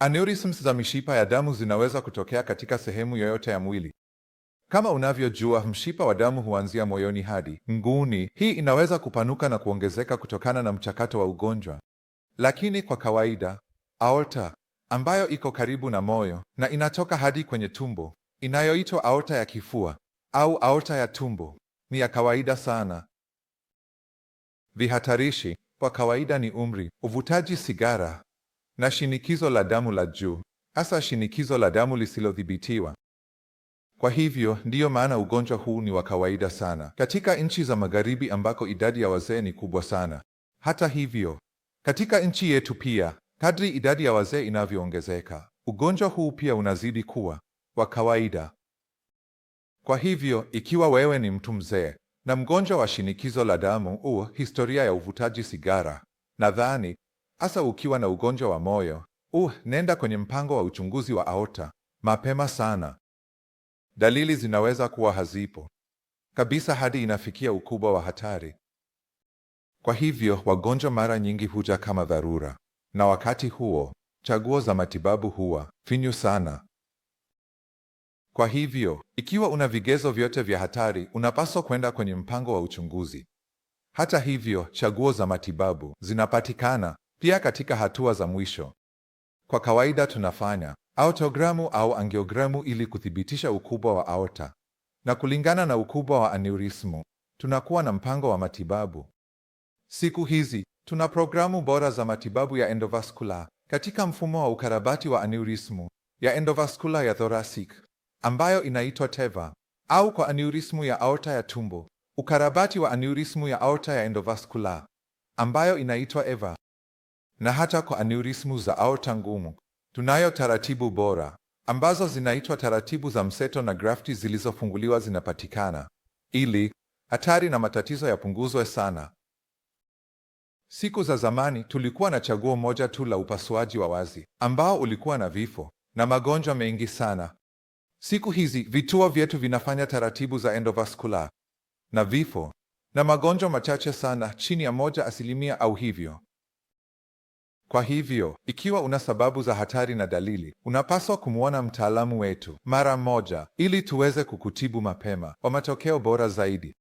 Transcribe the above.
Aneurisms za mishipa ya damu zinaweza kutokea katika sehemu yoyote ya mwili. Kama unavyojua, mshipa wa damu huanzia moyoni hadi nguni Hii inaweza kupanuka na kuongezeka kutokana na mchakato wa ugonjwa. Lakini kwa kawaida, aorta ambayo iko karibu na moyo na inatoka hadi kwenye tumbo, inayoitwa aorta ya kifua au aorta ya tumbo, ni ya kawaida sana. Vihatarishi kwa kawaida ni umri, uvutaji sigara na shinikizo la damu la juu, hasa shinikizo la damu lisilodhibitiwa. Kwa hivyo ndiyo maana ugonjwa huu ni wa kawaida sana katika nchi za magharibi ambako idadi ya wazee ni kubwa sana. Hata hivyo, katika nchi yetu pia, kadri idadi ya wazee inavyoongezeka, ugonjwa huu pia unazidi kuwa wa kawaida. Kwa hivyo, ikiwa wewe ni mtu mzee na mgonjwa wa shinikizo la damu, u historia ya uvutaji sigara, nadhani Hasa ukiwa na ugonjwa wa moyo, uh, nenda kwenye mpango wa uchunguzi wa aorta mapema sana. Dalili zinaweza kuwa hazipo kabisa hadi inafikia ukubwa wa hatari. Kwa hivyo wagonjwa mara nyingi huja kama dharura, na wakati huo chaguo za matibabu huwa finyu sana. Kwa hivyo ikiwa una vigezo vyote vya hatari, unapaswa kwenda kwenye mpango wa uchunguzi. Hata hivyo, chaguo za matibabu zinapatikana. Pia katika hatua za mwisho, kwa kawaida tunafanya aortogramu au angiogramu ili kuthibitisha ukubwa wa aorta, na kulingana na ukubwa wa aneurismu tunakuwa na mpango wa matibabu. Siku hizi tuna programu bora za matibabu ya endovascular katika mfumo wa ukarabati wa aneurismu ya endovascular ya thoracic ambayo inaitwa TEVA au kwa aneurismu ya aorta ya tumbo ukarabati wa aneurismu ya aorta ya endovascular ambayo inaitwa EVA na hata kwa aneurismu za aorta ngumu. Tunayo taratibu bora ambazo zinaitwa taratibu za mseto na grafti zilizofunguliwa zinapatikana ili hatari na matatizo yapunguzwe sana. Siku za zamani tulikuwa na chaguo moja tu la upasuaji wa wazi ambao ulikuwa na vifo na magonjwa mengi sana. Siku hizi vituo vyetu vinafanya taratibu za endovascular na vifo na magonjwa machache sana, chini ya moja asilimia au hivyo. Kwa hivyo, ikiwa una sababu za hatari na dalili, unapaswa kumwona mtaalamu wetu mara moja ili tuweze kukutibu mapema kwa matokeo bora zaidi.